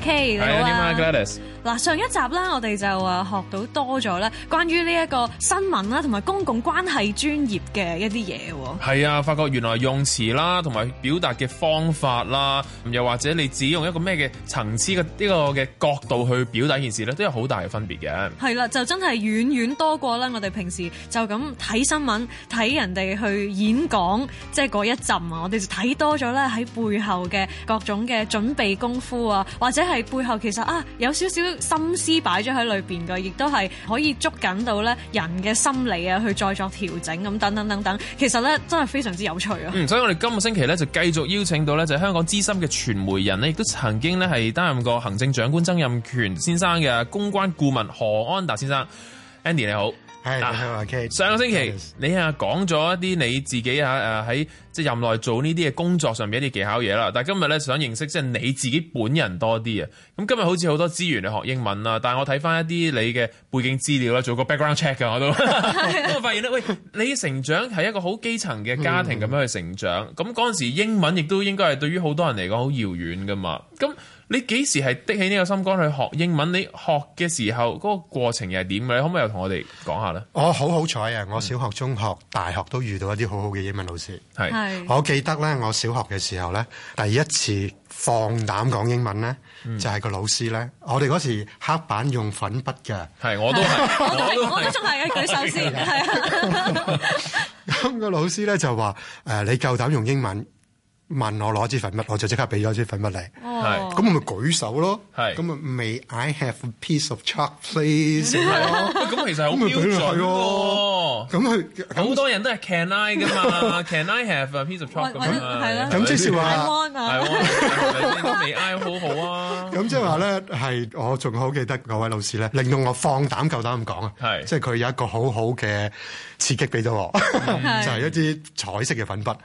K，你好啊！嗱，上一集啦，我哋就啊學到多咗啦，關於呢一個新聞啦，同埋公共關係專業嘅一啲嘢喎。係啊，發覺原來用詞啦，同埋表達嘅方法啦，又或者你只用一個咩嘅層次嘅呢個嘅角度去表達件事咧，都有好大嘅分別嘅。係啦，啊，就真係遠遠多過啦！我哋平時就咁睇新聞，睇人哋去演講，即係嗰一陣啊，我哋就睇多咗啦，喺背後嘅各種嘅準備功夫啊，或者。即係背後其實啊，有少少心思擺咗喺裏邊嘅，亦都係可以捉緊到咧人嘅心理啊，去再作調整咁等等等等。其實咧真係非常之有趣啊！嗯，所以我哋今個星期咧就繼續邀請到咧就係香港資深嘅傳媒人咧，亦都曾經咧係擔任過行政長官曾蔭權先生嘅公關顧問何安達先生 Andy，你好。係上個星期你啊，講咗一啲你自己吓誒，喺即係任內做呢啲嘅工作上面一啲技巧嘢啦。但係今日咧想認識即係你自己本人多啲啊。咁今日好似好多資源嚟學英文啦。但係我睇翻一啲你嘅背景資料啦，做個 background check 嘅我都，都發現咧，喂，你成長係一個好基層嘅家庭咁樣去成長。咁嗰陣時英文亦都應該係對於好多人嚟講好遙遠噶嘛。咁。你幾時係的起呢個心肝去學英文？你學嘅時候嗰個過程又係點嘅？你可唔可以又同我哋講下咧？我好好彩啊！我小學、中學、大學都遇到一啲好好嘅英文老師。係，係，我記得咧，我小學嘅時候咧，第一次放膽講英文咧，就係個老師咧。我哋嗰時黑板用粉筆嘅，係我都係，我都仲係一舉手先，係啊。咁個老師咧就話：誒，你夠膽用英文？問我攞支粉筆，我就即刻俾咗支粉筆你。係，咁我咪舉手咯。係，咁咪 May I have a piece of chalk please？咁其實好標準喎。咁佢好多人都係 Can I 㗎嘛？Can I have a piece of chalk 咁啊？係咯。咁即係話，係喎，令到 May I 好好啊？咁即係話咧，係我仲好記得嗰位老師咧，令到我放膽夠膽咁講啊。係，即係佢有一個好好嘅。刺激俾咗我， 就係一啲彩色嘅粉筆。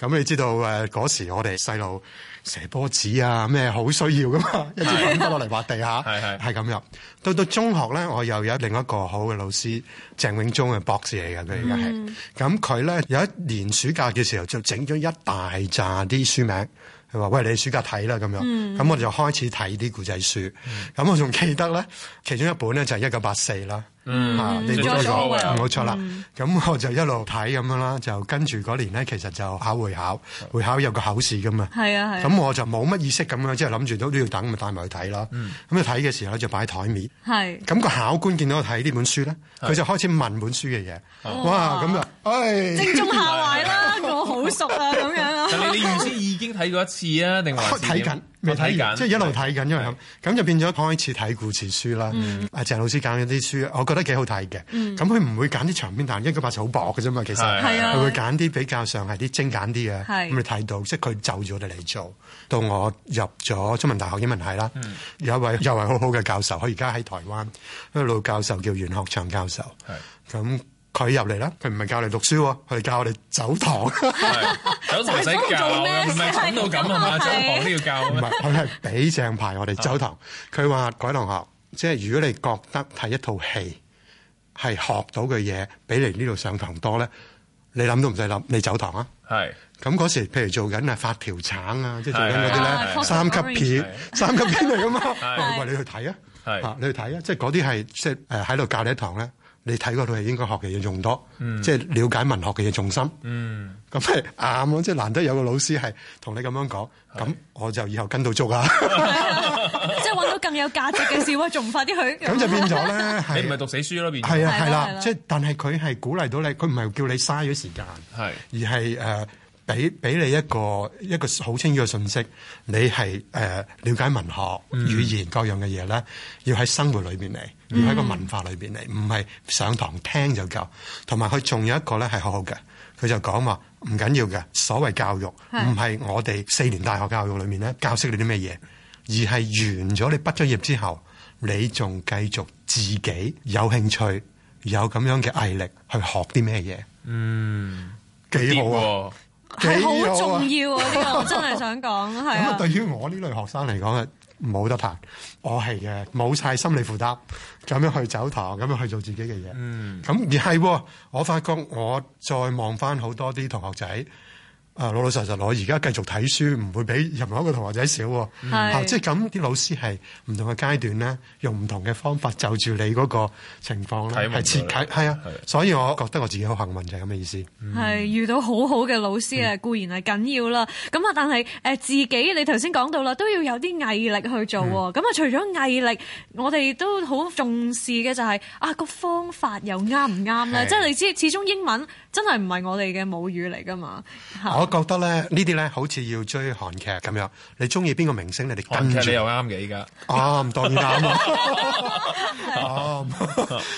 咁你知道誒，嗰時我哋細路寫波子啊，咩好需要噶嘛？一支粉筆落嚟畫地下，係係係咁樣。到到中學咧，我又有另一個好嘅老師鄭永忠嘅博士嚟，噶佢而家係。咁佢咧有一年暑假嘅時候，就整咗一大紮啲書名，佢話，喂，你暑假睇啦咁樣。咁、嗯、我哋就開始睇啲古仔書。咁、嗯、我仲記得咧，其中一本咧就係一九八四啦。嗯，你冇錯啦，咁我就一路睇咁樣啦，就跟住嗰年咧，其實就考會考，會考有個考試噶嘛。係啊係。咁我就冇乜意識咁樣，即係諗住都都要等，咪帶埋去睇咯。嗯。咁睇嘅時候咧，就擺喺台面。係。咁個考官見到我睇呢本書咧，佢就開始問本書嘅嘢。哇！咁啊，正中下懷啦，我好熟啊，咁樣啊。但你原先已經睇過一次啊，定還是點？睇即係一路睇緊，因為咁，咁就變咗開始睇故事書啦。阿鄭老師揀咗啲書，我覺得幾好睇嘅。咁佢唔會揀啲長篇大，因為佢份數好薄嘅啫嘛。其實係啊，佢會揀啲比較上係啲精簡啲嘅。咁你睇到，即係佢就咗我哋嚟做到。我入咗中文大學英文系啦，有一位又係好好嘅教授，佢而家喺台灣一個老教授叫袁學長教授。係咁。佢入嚟啦，佢唔係教你讀書，佢教我哋走堂，走堂唔使教，唔係蠢到咁係嘛，上堂都要教，唔係佢係俾正牌我哋走堂。佢話：各位同學，即係如果你覺得睇一套戲係學到嘅嘢，比你呢度上堂多咧，你諗都唔使諗，你走堂啊。係咁嗰時，譬如做緊啊發條橙啊，即係做緊嗰啲咧，三級片，三級片嚟噶嘛，喂你去睇啊，係啊，你去睇啊，即係嗰啲係即係誒喺度教你一堂咧。你睇嗰度係應該學嘅嘢仲多，即係了解文學嘅嘢重心。嗯，咁係啱咯，即係難得有個老師係同你咁樣講，咁我就以後跟到足啊。即係揾到更有價值嘅事，哇！仲快啲去。咁就變咗咧，你唔係讀死書咯，變。係啊，係啦，即係，但係佢係鼓勵到你，佢唔係叫你嘥咗時間，係而係誒。俾俾你一個一個好清楚嘅信息，你係誒瞭解文學、mm hmm. 語言各樣嘅嘢咧，要喺生活裏邊嚟，mm hmm. 要喺個文化裏邊嚟，唔係上堂聽就夠。同埋佢仲有一個咧係好好嘅，佢就講話唔緊要嘅，所謂教育唔係我哋四年大學教育裏面咧教識你啲咩嘢，而係完咗你畢咗業之後，你仲繼續自己有興趣有咁樣嘅毅力去學啲咩嘢。嗯、mm，hmm. 幾好啊。嗯」係好重要啊、 這個！呢個我真係想講，係啊。咁啊，對於我呢類學生嚟講啊，冇得拍。我係嘅，冇晒心理負擔，咁樣去走堂，咁樣去做自己嘅嘢。嗯。咁而係，我發覺我再望翻好多啲同學仔。啊，老老實實，我而家繼續睇書，唔會比任何一個同學仔少喎。係，即係咁啲老師係唔同嘅階段咧，用唔同嘅方法就住你嗰個情況啦，係設計係啊。所以我覺得我自己好幸運，就係咁嘅意思。係遇到好好嘅老師啊，固然係緊要啦。咁啊，但係誒自己，你頭先講到啦，都要有啲毅力去做喎。咁啊，除咗毅力，我哋都好重視嘅就係啊個方法又啱唔啱咧？即係你知，始終英文真係唔係我哋嘅母語嚟㗎嘛。我覺得咧呢啲咧好似要追韓劇咁樣，你中意邊個明星，你哋跟住。韓劇你又啱嘅，依家，啱當然啱啊！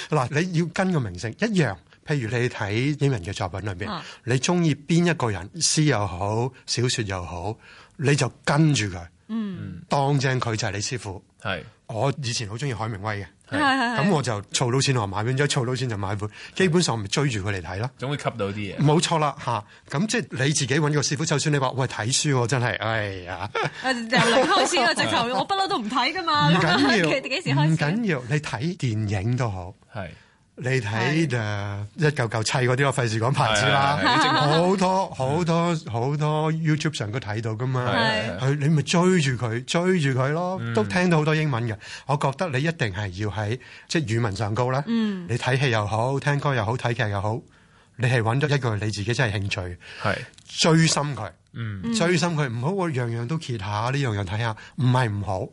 嗱、 啊，你要跟個明星一樣，譬如你睇英文嘅作品裏邊，啊、你中意邊一個人，詩又好，小說又好，你就跟住佢。嗯，當正佢就係你師傅。係是，我以前好中意海明威嘅。係，咁我就儲到錢我買本，再儲到錢就買本，基本上咪追住佢嚟睇咯。總會吸到啲嘢。冇錯啦，嚇、啊！咁即係你自己揾個師傅，就算你話喂，睇書喎，真係，哎呀！由零開始，直頭我不嬲都唔睇噶嘛。唔緊要，幾時開始？唔緊要，你睇電影都好。係。你睇就一嚿嚿砌嗰啲，我費事講牌子啦。好多好多好多 YouTube 上都睇到㗎嘛。佢你咪追住佢追住佢咯。都聽到好多英文嘅，我覺得你一定係要喺即係語文上高啦。你睇戲又好，聽歌又好，睇劇又好，你係揾到一個你自己真係興趣，係追深佢。追深佢唔好話樣樣都揭下呢樣樣睇下，唔係唔好。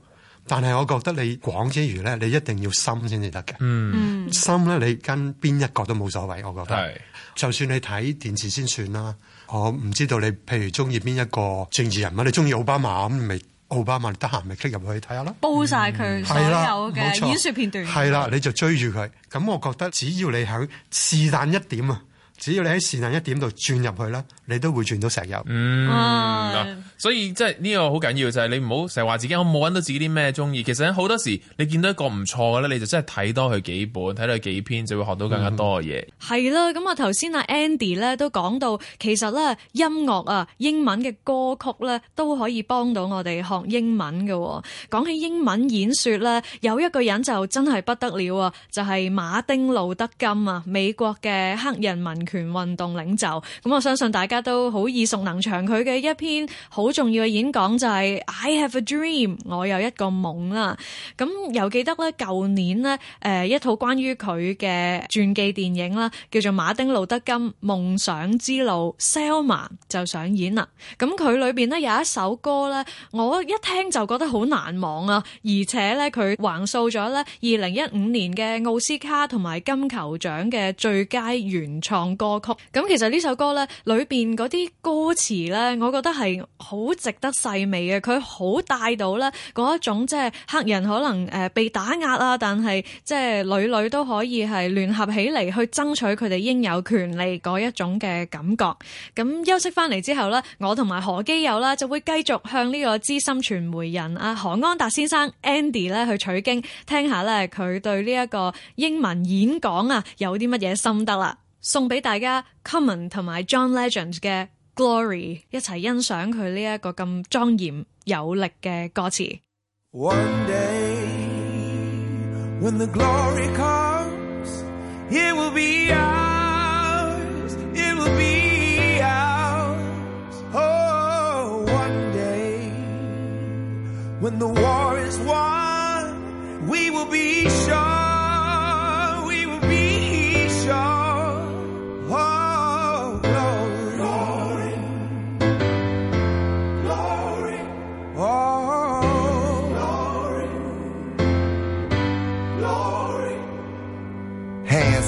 但係我覺得你廣之餘咧，你一定要深先至得嘅。嗯，深咧你跟邊一個都冇所謂，我覺得。係是。就算你睇電視先算啦，我唔知道你譬如中意邊一個政治人物，你中意奧巴馬咁，咪奧巴馬得閒咪 click 入去睇下咯。煲晒佢啦，有嘅演說片段。係啦、嗯，你就追住佢。咁我覺得只要你喺是但一點啊，只要你喺時間一點度轉入去啦，你都會轉到石油。嗯，啊、所以即係呢個好緊要就係、是、你唔好成日話自己我冇揾到自己啲咩鍾意。其實好多時，你見到一個唔錯嘅咧，你就真係睇多佢幾本，睇佢幾篇，就會學到更加多嘅嘢。係啦、嗯，咁我頭先阿 Andy 咧都講到，其實咧音樂啊、英文嘅歌曲咧都可以幫到我哋學英文嘅、哦。講起英文演說咧，有一個人就真係不得了啊，就係、是、馬丁路德金啊，美國嘅黑人民權運動領袖，咁我相信大家都好耳熟能詳，佢嘅一篇好重要嘅演講就係 I have a dream，我有一個夢啦。咁又記得咧，舊年咧，誒，一套關於佢嘅傳記電影啦，叫做《馬丁路德金夢想之路》，Selma 就上演啦。咁佢裏邊咧有一首歌咧，我一聽就覺得好難忘啊，而且咧佢橫掃咗咧二零一五年嘅奧斯卡同埋金球獎嘅最佳原創。歌曲咁。其實呢首歌呢裏邊嗰啲歌詞呢，我覺得係好值得細味嘅。佢好帶到呢嗰一種，即係黑人可能誒被打壓啦，但係即係屢屢都可以係聯合起嚟，去爭取佢哋應有權利嗰一種嘅感覺。咁、嗯、休息翻嚟之後呢，我同埋何基友啦，就會繼續向呢個資深傳媒人阿何安達先生 Andy 呢去取經，聽下呢佢對呢一個英文演講啊有啲乜嘢心得啦。送俾大家，Common 同埋 John Legend 嘅《Glory》，一齊欣賞佢呢一個咁莊嚴有力嘅歌詞。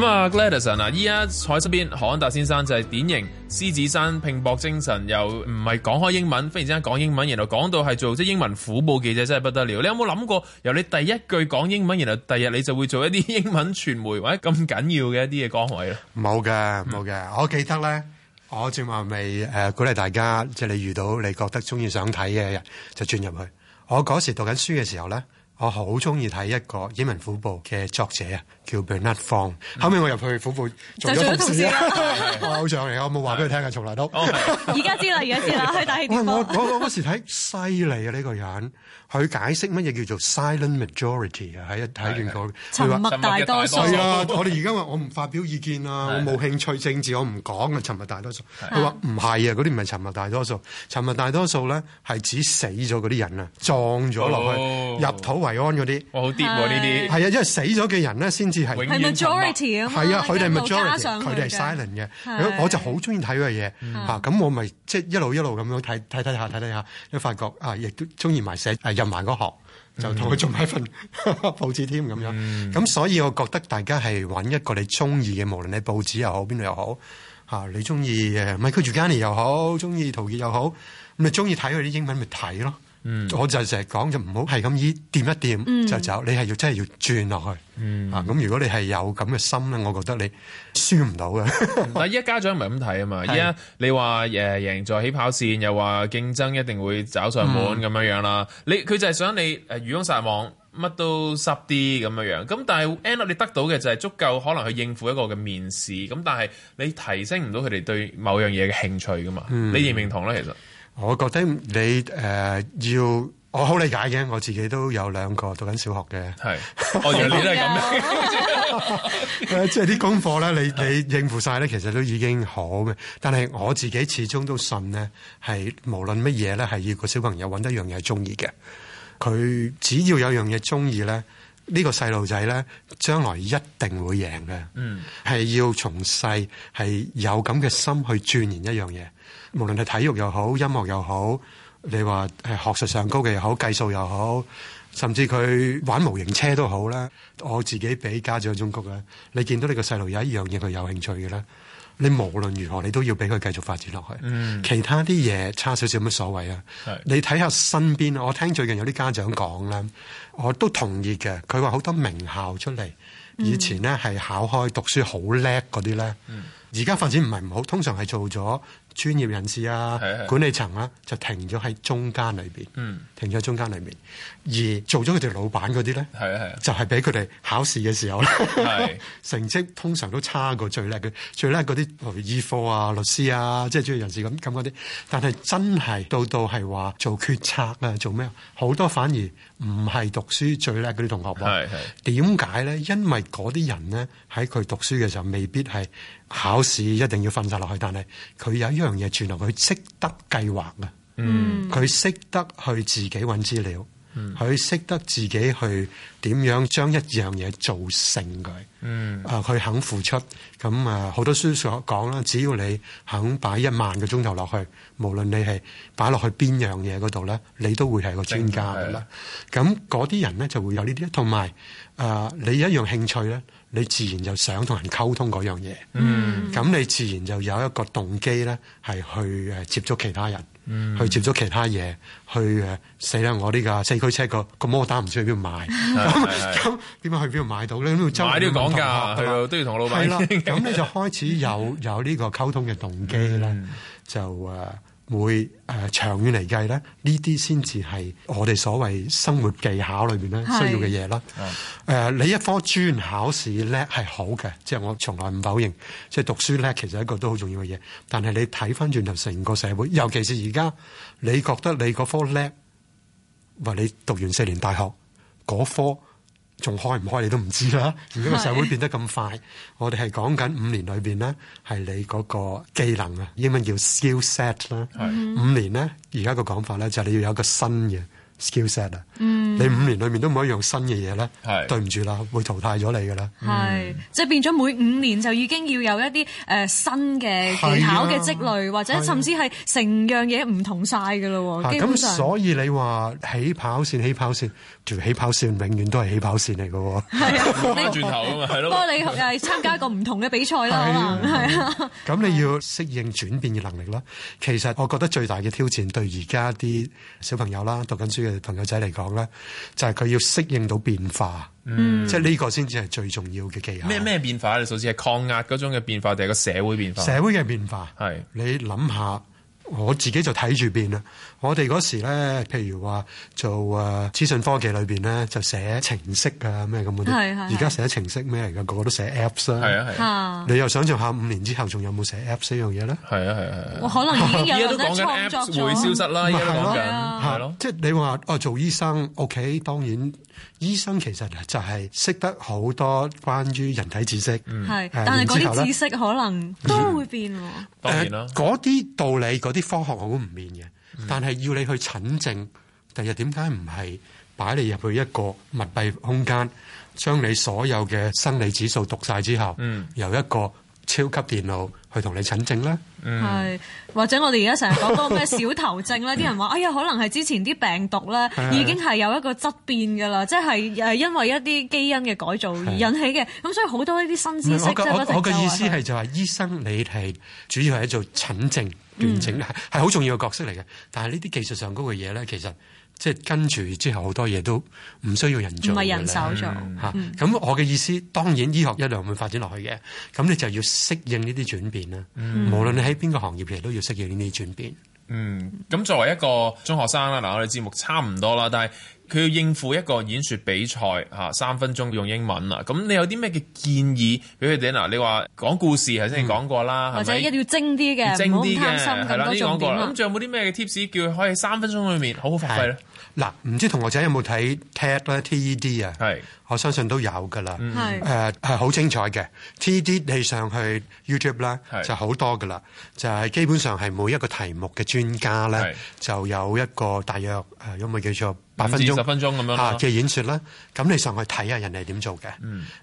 咁啊，Gladdison 啊，依家坐喺身邊，何安達先生就係典型獅子山拼搏精神，又唔係講開英文，忽然之間講英文，然後講到係做即係英文虎報記者，真係不得了。你有冇諗過由你第一句講英文，然後第日你就會做一啲英文傳媒或者咁緊要嘅一啲嘅崗位咯？冇嘅，冇嘅。我記得咧，我正話未誒鼓勵大家，即係你遇到你覺得中意想睇嘅人，就轉入去。我嗰時讀緊書嘅時候咧。我好中意睇一個《英文虎報》嘅作者啊，叫 Bernard Fong。後尾我入去虎報做咗同事，偶像嚟，我冇話俾佢聽嘅，從嚟都。而家知啦，而家知啦，去睇啲。我我嗰時睇犀利啊！呢個人佢解釋乜嘢叫做 silent majority 啊？喺一睇完個沉默大多數啊！我哋而家話我唔發表意見啊，我冇興趣政治，我唔講啊。沉默大多數，佢話唔係啊，嗰啲唔係沉默大多數，沉默大多數咧係指死咗嗰啲人啊，撞咗落去入土為安啲，我好掂喎呢啲，係啊，因為死咗嘅人咧，先至係。係 majority 啊，係啊，佢哋 majority，佢哋係 silent 嘅，我就好中意睇佢嘅嘢，吓咁我咪即係一路一路咁樣睇睇睇下睇睇下，一發覺啊，亦都中意埋寫，入埋個學，就同佢做埋份報紙添咁樣，咁所以我覺得大家係揾一個你中意嘅，無論你報紙又好邊度又好吓，你中意誒唔係佢《The Guardian》又好，中意陶傑又好，咁你中意睇佢啲英文咪睇咯。嗯，我就係成日講就唔好係咁依掂一掂就走，你係要真係要轉落去。啊，咁如果你係有咁嘅心咧，我覺得你輸唔到嘅。但係依家家長唔係咁睇啊嘛，依家你話誒贏在起跑線，又話競爭一定會找上門咁樣樣啦。你佢就係想你誒漁翁撒網，乜都濕啲咁樣樣。咁但係 end up，你得到嘅就係足夠可能去應付一個嘅面試。咁但係你提升唔到佢哋對某樣嘢嘅興趣噶嘛？你認唔認同咧？其實？我覺得你誒要，我好理解嘅，我自己都有兩個讀緊小學嘅。係，我原來都係咁嘅。即係啲功課咧，你你應付晒咧，其實都已經好嘅。但係我自己始終都信咧，係無論乜嘢咧，係要個小朋友揾一樣嘢中意嘅。佢只要有樣嘢中意咧，呢個細路仔咧，將來一定會贏嘅。嗯，係要從細係有咁嘅心去鑽研一樣嘢。無論係體育又好，音樂又好，你話誒學術上高嘅又好，計數又好，甚至佢玩模型車都好啦，我自己俾家長一忠告咧，你見到你個細路有一樣嘢佢有興趣嘅咧，你無論如何你都要俾佢繼續發展落去。嗯、其他啲嘢差少少冇乜所謂啊。是你睇下身邊，我聽最近有啲家長講咧，我都同意嘅。佢話好多名校出嚟以前咧係考開讀書好叻嗰啲咧，而家發展唔係唔好，通常係做咗。專業人士啊，是是管理層啊，就停咗喺中間裏邊，嗯，停咗喺中間裏邊，而做咗佢哋老闆啲咧，係啊，就係俾佢哋考試嘅時候咧，係，是是 成績通常都差過最叻嘅，最叻啲，例如醫科啊、律師啊，即係專業人士咁咁啲。但係真係到到係話做決策啊，做咩好多反而唔係讀書最叻啲同學，喎。點解咧？因為啲人咧喺佢讀書嘅時候未必係考試一定要瞓晒落去，但係佢有。呢樣嘢，全靠佢識得計劃嘅，嗯，佢識得去自己揾資料，嗯，佢識得自己去點樣將一樣嘢做成佢，嗯，啊、呃，佢肯付出，咁、嗯、啊，好多書所講啦，只要你肯擺一萬個鐘頭落去，無論你係擺落去邊樣嘢嗰度咧，你都會係個專家噶啦。咁嗰啲人咧就會有呢啲，同埋啊，你一樣興趣咧。你自然就想同人溝通嗰樣嘢，咁、嗯、你自然就有一個動機咧，係去誒接觸其他人，嗯、去接觸其他嘢，去誒死啦！我呢個四驅車個個摩打唔知去邊度買，咁咁點樣去邊度買到咧？你周買都要講價，都的、啊、要同我老闆。係啦的，咁你 就開始有有呢個溝通嘅動機咧，嗯、就誒。會誒、呃、長遠嚟計咧，呢啲先至係我哋所謂生活技巧裏邊咧需要嘅嘢啦。誒是、呃，你一科專門考試叻係好嘅，即、就、係、是、我從來唔否認。即、就、係、是、讀書叻，其實一個都好重要嘅嘢。但係你睇翻轉頭成個社會，尤其是而家，你覺得你嗰科叻，話你讀完四年大學嗰科。仲開唔開你都唔知啦！而家個社會變得咁快，是我哋係講緊五年裏邊咧，係你嗰個技能啊，英文叫 skill set 啦是。係五年咧，而家個講法咧就係、是、你要有一個新嘅。skillset 啊，嗯，你五年裏面都冇一樣新嘅嘢咧，係對唔住啦，會淘汰咗你嘅啦。係即係變咗每五年就已經要有一啲誒新嘅技巧嘅積累，或者甚至係成樣嘢唔同曬嘅咯。基本上。咁所以你話起跑線，起跑線，條起跑線永遠都係起跑線嚟嘅喎。係啊，呢個轉頭啊嘛，不過你誒參加過唔同嘅比賽啦，可能，係啊。咁你要適應轉變嘅能力啦。其實我覺得最大嘅挑戰對而家啲小朋友啦，讀緊書嘅。朋友仔嚟講咧，就係、是、佢要適應到變化，嗯，即係呢個先至係最重要嘅技巧。咩咩變化？你所知係抗壓嗰種嘅變化，定係個社會變化？社會嘅變化係是你諗下。我自己就睇住變啦。我哋嗰時咧，譬如話做誒資訊科技裏邊咧，就寫程式啊咩咁嗰啲。係係。而家寫程式咩？而家個個都寫 Apps 啦，係啊係。嚇！你又想象下五年之後仲有冇寫 Apps 呢樣嘢咧？係啊係啊，可能依家都講緊 Apps 會消失啦。依家講緊係。咯。即係你話哦，做醫生 OK，當然醫生其實就係識得好多關於人體知識。係，但係嗰啲知識可能都會變喎。當然啦，嗰啲道理嗰啲。啲科學好唔面嘅，但係要你去診症，第日點解唔係擺你入去一個密閉空間，將你所有嘅生理指數讀晒之後，嗯、由一個超級電腦去同你診症咧，係、嗯、或者我哋而家成日講嗰咩小頭症啦。啲 人話：哎呀，可能係之前啲病毒咧已經係有一個質變噶啦，的即係誒因為一啲基因嘅改造而引起嘅。咁的所以好多呢啲新知識，我嘅意思係就係醫生，你係主要係做診症斷症，係好、嗯、重要嘅角色嚟嘅，但係呢啲技術上高嘅嘢咧其實。即係跟住之後，好多嘢都唔需要人做，唔係人手做嚇。咁我嘅意思，當然醫學一樣會發展落去嘅。咁你就要適應呢啲轉變啦。無論你喺邊個行業嚟，都要適應呢啲轉變。嗯。咁作為一個中學生啦，嗱，我哋節目差唔多啦，但係佢要應付一個演說比賽嚇，三分鐘用英文啊。咁你有啲咩嘅建議俾佢哋？嗱，你話講故事頭先講過啦，或者一定要精啲嘅，唔好貪心咁多嘢。咁仲有冇啲咩嘅 tips 叫佢可以三分鐘裏面好好發揮咧？嗱，唔知同學仔有冇睇 TED 咧？TED 啊，係我相信都有噶啦，誒係好精彩嘅。TED 你上去 YouTube 啦是，就好多噶啦，就係基本上係每一個題目嘅專家咧，是就有一個大約誒、呃、有冇叫做。八分鐘、十分鐘咁樣嚇，即係演說啦。咁你上去睇下人哋點做嘅，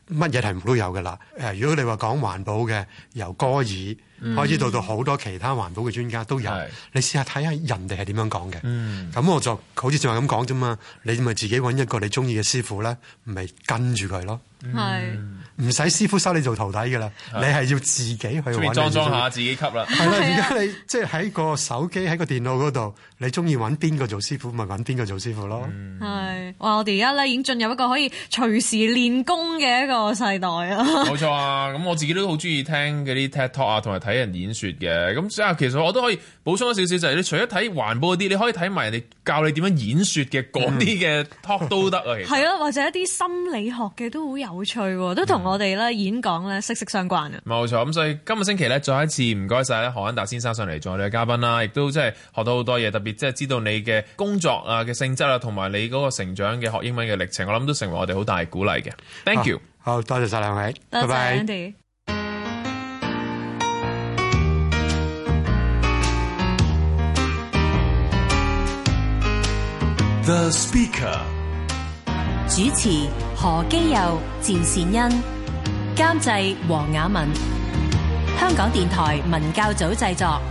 乜嘢題目都有嘅啦。誒，如果你話講環保嘅，由戈爾開始到到好多其他環保嘅專家都有。嗯、你試下睇下人哋係點樣講嘅。咁、嗯、我就好似正話咁講啫嘛。你咪自己揾一個你中意嘅師傅咧，咪跟住佢咯。係唔使師傅收你做徒弟噶啦，的你係要自己去裝裝下自己級啦。係啦，而家你即係喺個手機、喺個電腦嗰度，你中意揾邊個做師傅，咪揾邊個做師傅咯。係、mm. 哇，我哋而家咧已經進入一個可以隨時練功嘅一個世代啊。冇 錯啊，咁我自己都好中意聽嗰啲 TED Talk 啊，同埋睇人演説嘅。咁即係其實我都可以補充一少少、就是，就係你除咗睇環保啲，你可以睇埋人教你點樣演説嘅嗰啲嘅 Talk、mm. 都得啊。係啊， 或者一啲心理學嘅都會有趣，都同我哋咧演講咧息息相關啊！冇錯，咁所以今個星期咧，再一次唔該晒咧何安達先生上嚟做我哋嘅嘉賓啦，亦都即係學到好多嘢，特別即係知道你嘅工作啊嘅性質啊，同埋你嗰個成長嘅學英文嘅歷程，我諗都成為我哋好大嘅鼓勵嘅。Thank you，好，好謝謝多謝晒兩位 bye，拜拜。The speaker。主持何基佑、詹善恩，監製黃雅文，香港電台文教組製作。